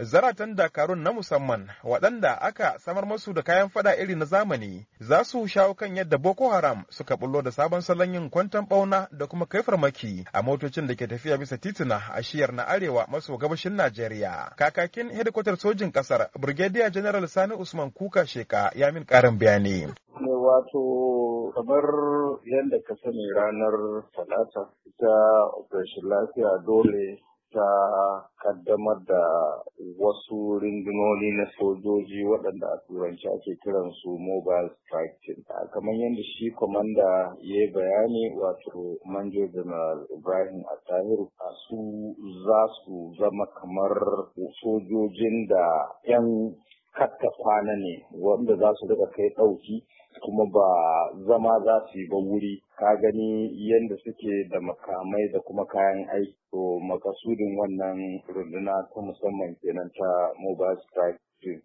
zaratan dakarun na musamman waɗanda aka samar masu da kayan fada iri na zamani za su shawo kan yadda boko haram suka bullo da sabon salon yin kwantan bauna da kuma kai farmaki a motocin da ke tafiya bisa tituna a shiyar na arewa maso gabashin najeriya kakakin hedikwatar sojin ƙasar brigadier general sani usman kuka sheka ya min ƙarin bayani ne eh, wato kamar yadda ka sani ranar talata ta operation lafiya dole ta kaddamar da wasu rundunoni na sojoji waɗanda a turanci ake kiran su mobile strike team kamar yadda shi kwamanda ya yi bayani wato manjo general ibrahim atahiru a su za su zama kamar sojojin da 'yan katta kwana ne wanda za su daga kai ɗauki kuma ba zama za su yi ba wuri ka gani yadda suke da makamai da kuma kayan aiki to makasudin wannan runduna ta musamman kenan ta mobile strike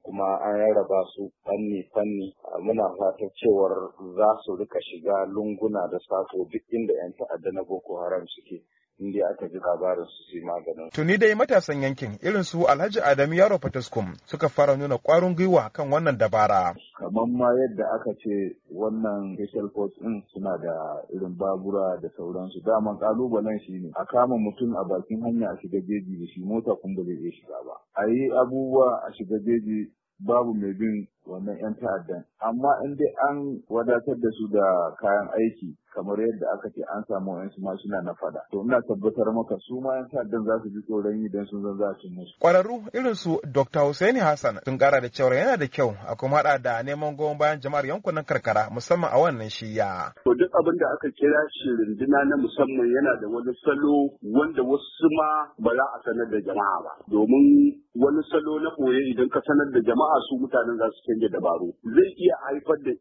kuma an rarraba su fanni-fanni muna fatan cewar za su rika shiga lunguna da sako duk inda 'yan ta'adda na boko haram suke inda aka ji labarin su sai maganin. Tuni dai matasan yankin irin su Alhaji Adamu Yaro Fataskum suka fara nuna kwarin gwiwa kan wannan dabara. Kamar ma yadda aka ce wannan special force din suna da irin babura da sauransu daman kalubalen shi ne a kama mutum a bakin hanya a shiga jeji da shi mota kun ba zai iya shiga ba. A yi abubuwa a shiga jeji babu mai bin wannan 'yan ta'addan amma in dai an wadatar da su da kayan aiki kamar yadda aka ce an samu wayansu mashina na fada to ina tabbatar maka su ma 'yan ta'addan za su ji tsoron yi don sun zan za su musu kwararru irin su dr Hussaini hassan sun kara da cewa yana da kyau a kuma hada da neman goyon bayan jama'ar yankunan karkara musamman a wannan shiya to duk abin da aka kira shi rindina na musamman yana da wani salo wanda wasu ma ba za a sanar da jama'a ba domin wani salo na ɓoye idan ka sanar da jama'a su mutanen za su canja dabaru zai iya haifar da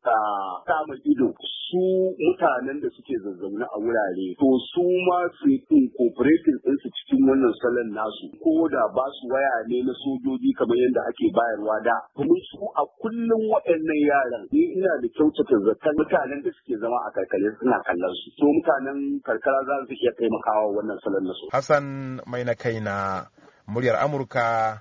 samun ido su mutanen da suke zazzauna a wurare to su ma su incorporating ɗinsu cikin wannan salon nasu ko da ba su waya ne na sojoji kamar yadda ake bayarwa da kuma su a kullum waɗannan yaran ni ina da kyautata zaton mutanen da suke zama a karkare suna kallon su to mutanen karkara za su iya taimakawa wannan salon nasu Hassan mai na kai na muryar Amurka